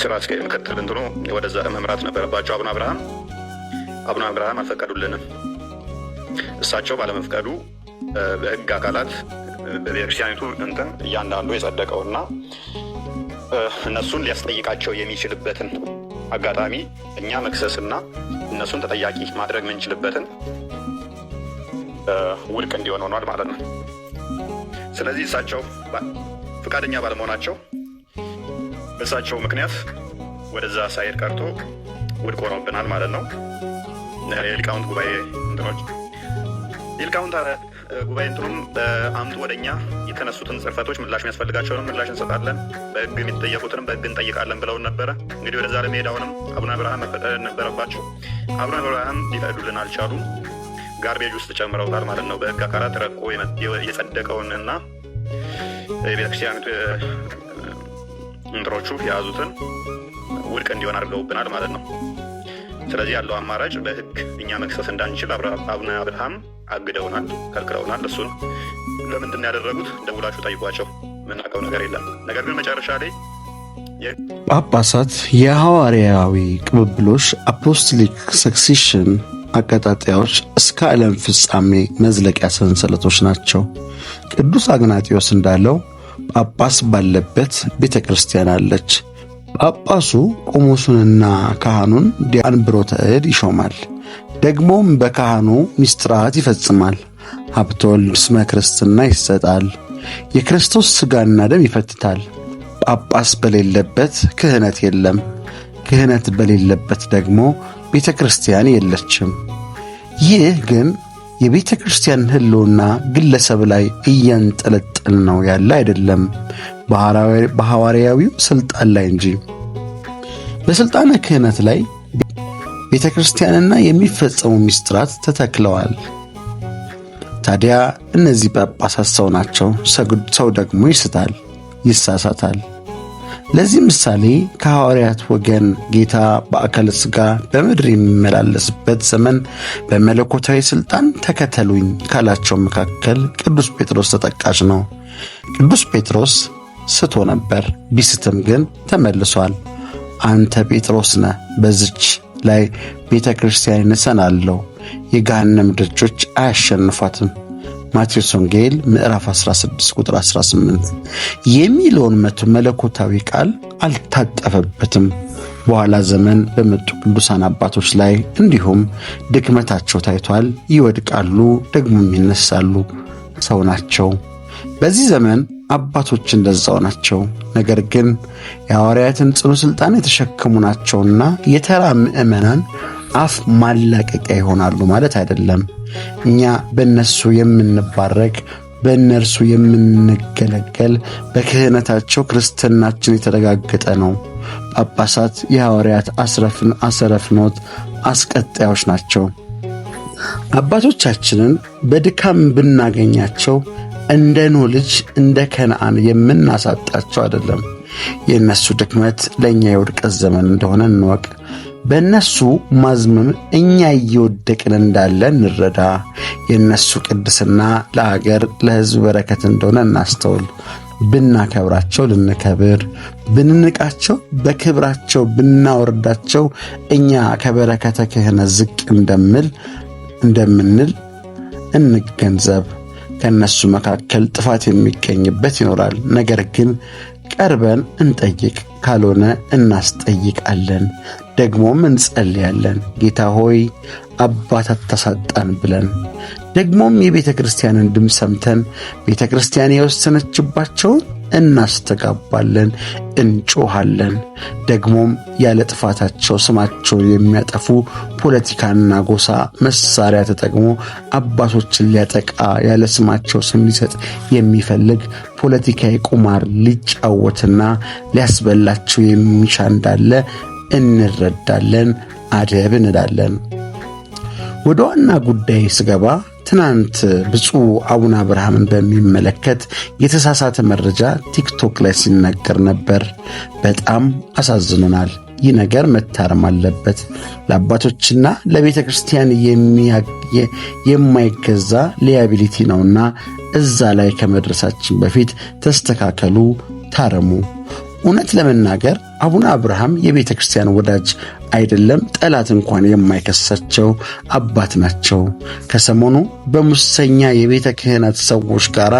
ስራ አስኪያጅ ምክትል እንትኑ ወደዛ መምራት ነበረባቸው። አቡነ አብርሃም አቡነ አብርሃም አልፈቀዱልንም። እሳቸው ባለመፍቀዱ በህግ አካላት በቤተክርስቲያኒቱ እንትን እያንዳንዱ እና እነሱን ሊያስጠይቃቸው የሚችልበትን አጋጣሚ እኛ መክሰስ እና እነሱን ተጠያቂ ማድረግ የምንችልበትን ውድቅ እንዲሆን ሆኗል ማለት ነው። ስለዚህ እሳቸው ፈቃደኛ ባለመሆናቸው በእሳቸው ምክንያት ወደዛ ሳይሄድ ቀርቶ ውድቅ ሆኖብናል ማለት ነው። የሊቃውንት ጉባኤ እንትኖች የሊቃውንት ጉባኤ እንትኑም በአምጡ ወደ እኛ የተነሱትን ጽርፈቶች ምላሽ የሚያስፈልጋቸውንም ምላሽ እንሰጣለን፣ በህግ የሚጠየቁትንም በህግ እንጠይቃለን ብለውን ነበረ። እንግዲህ ወደዛ ለመሄድ አሁንም አቡነ ብርሃን መፈቀድ ነበረባቸው። አቡነ ብርሃን ሊፈቅዱልን አልቻሉም። ጋርቤጅ ውስጥ ጨምረውታል ማለት ነው። በህግ አካላት ረቆ የጸደቀውን እና የቤተክርስቲያኑ እንትሮቹ የያዙትን ውድቅ እንዲሆን አድርገውብናል ማለት ነው። ስለዚህ ያለው አማራጭ በህግ እኛ መክሰስ እንዳንችል አቡነ አብርሃም አግደውናል፣ ከልክለውናል። እሱን ለምንድን ያደረጉት? ደውላችሁ ጠይቋቸው። የምናውቀው ነገር የለም። ነገር ግን መጨረሻ ላይ ጳጳሳት የሐዋርያዊ ቅብብሎች አፖስቶሊክ ሰክሴሽን አቀጣጠያዎች እስከ ዓለም ፍጻሜ መዝለቂያ ሰንሰለቶች ናቸው። ቅዱስ አግናጢዎስ እንዳለው ጳጳስ ባለበት ቤተ ክርስቲያን አለች። ጳጳሱ ቆሞሱንና ካህኑን ዲያንብሮተ እድ ይሾማል። ደግሞም በካህኑ ሚስጥራት ይፈጽማል። ሀብቶል ወልድ ስመ ክርስትና ይሰጣል። የክርስቶስ ሥጋና ደም ይፈትታል። ጳጳስ በሌለበት ክህነት የለም። ክህነት በሌለበት ደግሞ ቤተ ክርስቲያን የለችም። ይህ ግን የቤተ ክርስቲያን ሕልውና ግለሰብ ላይ እያንጠለጠል ነው ያለ አይደለም፣ በሐዋርያዊው ሥልጣን ላይ እንጂ። በሥልጣነ ክህነት ላይ ቤተ ክርስቲያንና የሚፈጸሙ ምስጢራት ተተክለዋል። ታዲያ እነዚህ ጳጳሳት ሰው ናቸው፣ ሰው ደግሞ ይስታል፣ ይሳሳታል። ለዚህ ምሳሌ ከሐዋርያት ወገን ጌታ በአካል ሥጋ በምድር የሚመላለስበት ዘመን በመለኮታዊ ሥልጣን ተከተሉኝ ካላቸው መካከል ቅዱስ ጴጥሮስ ተጠቃሽ ነው። ቅዱስ ጴጥሮስ ስቶ ነበር፣ ቢስትም ግን ተመልሷል። አንተ ጴጥሮስ ነህ፣ በዚች ላይ ቤተ ክርስቲያን እሰናለሁ፣ የገሃነም ደጆች አያሸንፏትም ማቴዎስ ወንጌል ምዕራፍ 16 ቁጥር 18 የሚለውን መቶ መለኮታዊ ቃል አልታጠፈበትም በኋላ ዘመን በመጡ ቅዱሳን አባቶች ላይ እንዲሁም ድክመታቸው ታይቷል። ይወድቃሉ፣ ደግሞም ይነሳሉ። ሰው ናቸው። በዚህ ዘመን አባቶች እንደዛው ናቸው። ነገር ግን የሐዋርያትን ጽኑ ሥልጣን የተሸከሙ ናቸውና የተራ ምእመናን አፍ ማላቀቂያ ይሆናሉ ማለት አይደለም። እኛ በእነሱ የምንባረክ በእነርሱ የምንገለገል በክህነታቸው ክርስትናችን የተረጋገጠ ነው። ጳጳሳት የሐዋርያት አሰረፍኖት አስቀጣዮች ናቸው። አባቶቻችንን በድካም ብናገኛቸው እንደ ኑ ልጅ እንደ ከነአን የምናሳጣቸው አይደለም። የእነሱ ድክመት ለእኛ የውድቀት ዘመን እንደሆነ እንወቅ። በእነሱ ማዝመም እኛ እየወደቅን እንዳለ እንረዳ። የእነሱ ቅድስና ለአገር ለሕዝብ በረከት እንደሆነ እናስተውል። ብናከብራቸው ልንከብር፣ ብንንቃቸው በክብራቸው ብናወርዳቸው እኛ ከበረከተ ክህነት ዝቅ እንደምል እንደምንል እንገንዘብ። ከእነሱ መካከል ጥፋት የሚገኝበት ይኖራል። ነገር ግን ቀርበን እንጠይቅ፣ ካልሆነ እናስጠይቃለን። ደግሞም እንጸልያለን፣ ጌታ ሆይ አባት አታሳጣን ብለን ደግሞም የቤተ ክርስቲያንን ድምፅ ሰምተን ቤተ ክርስቲያን የወሰነችባቸውን እናስተጋባለን፣ እንጮሃለን። ደግሞም ያለ ጥፋታቸው ስማቸውን የሚያጠፉ ፖለቲካና ጎሳ መሳሪያ ተጠቅሞ አባቶችን ሊያጠቃ ያለ ስማቸው ስም ሊሰጥ የሚፈልግ ፖለቲካዊ ቁማር ሊጫወትና ሊያስበላቸው የሚሻ እንዳለ እንረዳለን፣ አደብ እንላለን። ወደ ዋና ጉዳይ ስገባ ትናንት ብፁዕ አቡነ አብርሃምን በሚመለከት የተሳሳተ መረጃ ቲክቶክ ላይ ሲነገር ነበር። በጣም አሳዝኖናል። ይህ ነገር መታረም አለበት። ለአባቶችና ለቤተ ክርስቲያን የማይገዛ ሊያቢሊቲ ነውና እዛ ላይ ከመድረሳችን በፊት ተስተካከሉ፣ ታረሙ። እውነት ለመናገር አቡነ አብርሃም የቤተ ክርስቲያን ወዳጅ አይደለም ጠላት እንኳን የማይከሳቸው አባት ናቸው። ከሰሞኑ በሙሰኛ የቤተ ክህነት ሰዎች ጋር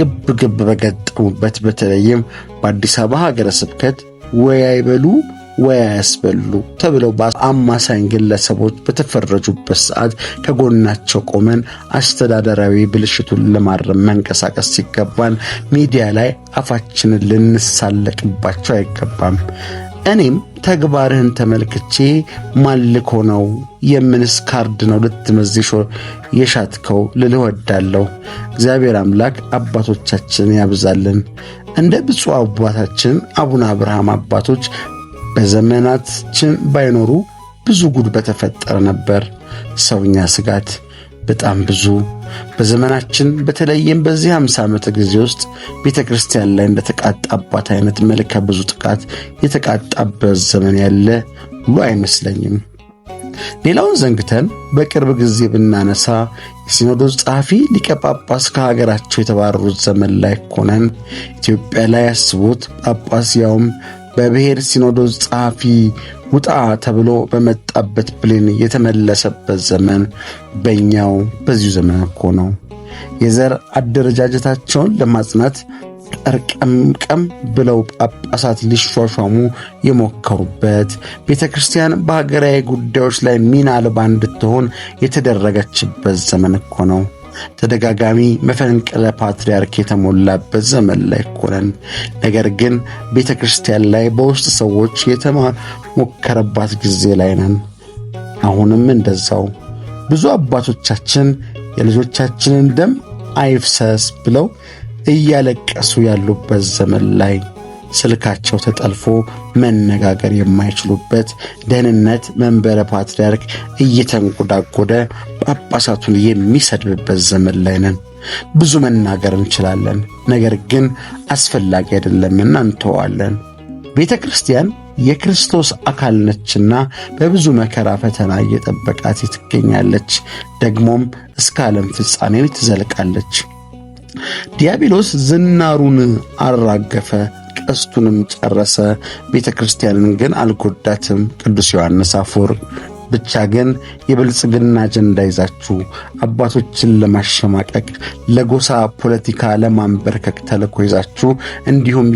ግብ ግብ በገጠሙበት በተለይም በአዲስ አበባ ሀገረ ስብከት ወያይበሉ ያስበሉ ተብለው በአማሳኝ ግለሰቦች በተፈረጁበት ሰዓት ከጎናቸው ቆመን አስተዳደራዊ ብልሽቱን ለማረም መንቀሳቀስ ሲገባን ሚዲያ ላይ አፋችንን ልንሳለቅባቸው አይገባም። እኔም ተግባርህን ተመልክቼ ማልኮ ነው የምንስ ካርድ ነው ልትመዝሾ የሻትከው ልልህ ወዳለሁ። እግዚአብሔር አምላክ አባቶቻችን ያብዛልን። እንደ ብፁዕ አባታችን አቡነ አብርሃም አባቶች በዘመናችን ባይኖሩ ብዙ ጉድ በተፈጠረ ነበር። ሰውኛ ስጋት በጣም ብዙ በዘመናችን በተለይም በዚህ 50 ዓመት ጊዜ ውስጥ ቤተ ክርስቲያን ላይ እንደተቃጣባት አይነት መልከ ብዙ ጥቃት የተቃጣበት ዘመን ያለ ሁሉ አይመስለኝም። ሌላውን ዘንግተን በቅርብ ጊዜ ብናነሳ የሲኖዶስ ጸሐፊ ሊቀ ጳጳስ ከሀገራቸው የተባረሩት ዘመን ላይ ኮነን ኢትዮጵያ ላይ ያስቡት ጳጳስ ያውም በብሔር ሲኖዶስ ጸሐፊ ውጣ ተብሎ በመጣበት ብሌን የተመለሰበት ዘመን በእኛው በዚሁ ዘመን እኮ ነው። የዘር አደረጃጀታቸውን ለማጽናት ጠርቀምቀም ብለው ጳጳሳት ሊሿሿሙ የሞከሩበት ቤተ ክርስቲያን በሀገራዊ ጉዳዮች ላይ ሚና አልባ እንድትሆን የተደረገችበት ዘመን እኮ ነው። ተደጋጋሚ መፈንቅለ ፓትርያርክ የተሞላበት ዘመን ላይ ኮነን። ነገር ግን ቤተ ክርስቲያን ላይ በውስጥ ሰዎች የተሞከረባት ጊዜ ላይ ነን። አሁንም እንደዛው ብዙ አባቶቻችን የልጆቻችንን ደም አይፍሰስ ብለው እያለቀሱ ያሉበት ዘመን ላይ ስልካቸው ተጠልፎ መነጋገር የማይችሉበት ደህንነት መንበረ ፓትርያርክ እየተንጎዳጎደ ጳጳሳቱን የሚሰድብበት ዘመን ላይ ነን። ብዙ መናገር እንችላለን፣ ነገር ግን አስፈላጊ አይደለምና እንተዋለን። ቤተ ክርስቲያን የክርስቶስ አካል ነችና በብዙ መከራ ፈተና እየጠበቃት ትገኛለች። ደግሞም እስከ ዓለም ፍጻሜ ትዘልቃለች። ዲያብሎስ ዝናሩን አራገፈ ቀስቱንም ጨረሰ። ቤተ ክርስቲያንን ግን አልጎዳትም። ቅዱስ ዮሐንስ አፎር ብቻ ግን የብልጽግና አጀንዳ ይዛችሁ አባቶችን ለማሸማቀቅ ለጎሳ ፖለቲካ ለማንበርከክ ተልኮ ይዛችሁ እንዲሁም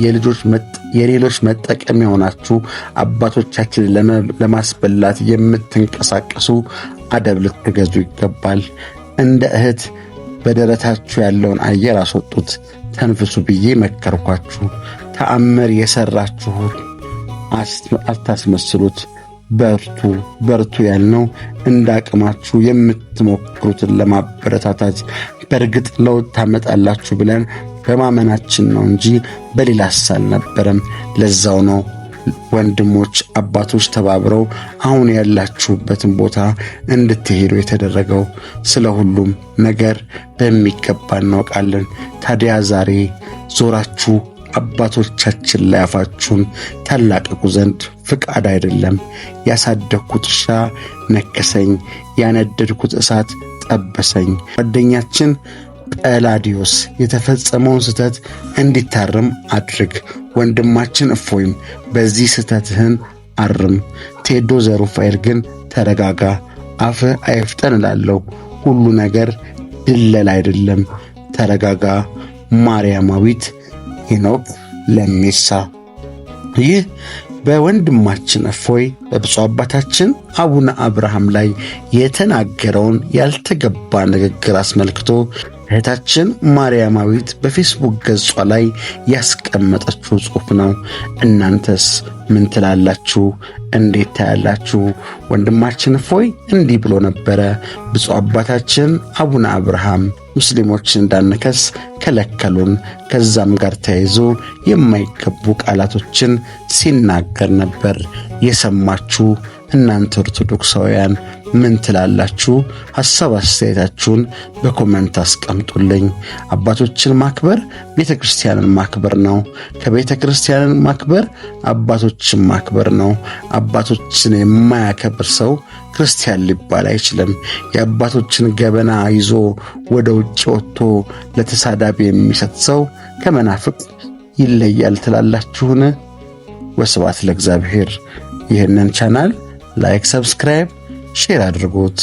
የሌሎች መጠቀሚያ ሆናችሁ አባቶቻችንን ለማስበላት የምትንቀሳቀሱ አደብ ልትገዙ ይገባል። እንደ እህት በደረታችሁ ያለውን አየር አስወጡት፣ ተንፍሱ ብዬ መከርኳችሁ። ተአምር የሠራችሁን አታስመስሉት። በርቱ በርቱ ያልነው እንዳቅማችሁ የምትሞክሩትን ለማበረታታት በእርግጥ ለውጥ ታመጣላችሁ ብለን በማመናችን ነው እንጂ በሌላ አልነበረም። ለዛው ነው ወንድሞች አባቶች ተባብረው አሁን ያላችሁበትን ቦታ እንድትሄዱ የተደረገው። ስለ ሁሉም ነገር በሚገባ እናውቃለን። ታዲያ ዛሬ ዞራችሁ አባቶቻችን ላይ አፋችሁን ታላቅቁ ዘንድ ፍቃድ አይደለም። ያሳደግኩት እርሻ ነከሰኝ፣ ያነደድኩት እሳት ጠበሰኝ። ጓደኛችን ጰላዲዮስ የተፈጸመውን ስህተት እንዲታርም አድርግ። ወንድማችን እፎይም በዚህ ስህተትህን አርም። ቴዶ ዘሩፋኤል ግን ተረጋጋ፣ አፍህ አይፍጠን እላለሁ። ሁሉ ነገር ድለል አይደለም። ተረጋጋ ማርያማዊት ሄኖክ ለሚሳ ይህ በወንድማችን እፎይ በብፁዕ አባታችን አቡነ አብርሃም ላይ የተናገረውን ያልተገባ ንግግር አስመልክቶ እህታችን ማርያማዊት በፌስቡክ ገጿ ላይ ያስቀመጠችው ጽሑፍ ነው። እናንተስ ምን ትላላችሁ? እንዴት ታያላችሁ? ወንድማችን እፎይ እንዲህ ብሎ ነበረ። ብፁዕ አባታችን አቡነ አብርሃም ሙስሊሞችን እንዳንከስ ከለከሉን። ከዛም ጋር ተያይዞ የማይገቡ ቃላቶችን ሲናገር ነበር። የሰማችሁ እናንተ ኦርቶዶክሳውያን ምን ትላላችሁ? ሐሳብ አስተያየታችሁን በኮመንት አስቀምጡልኝ። አባቶችን ማክበር ቤተ ክርስቲያንን ማክበር ነው። ከቤተ ክርስቲያንን ማክበር አባቶችን ማክበር ነው። አባቶችን የማያከብር ሰው ክርስቲያን ሊባል አይችልም። የአባቶችን ገበና ይዞ ወደ ውጭ ወጥቶ ለተሳዳቢ የሚሰጥ ሰው ከመናፍቅ ይለያል ትላላችሁን? ወስብሐት ለእግዚአብሔር። ይህንን ቻናል ላይክ፣ ሰብስክራይብ ሼር አድርጉት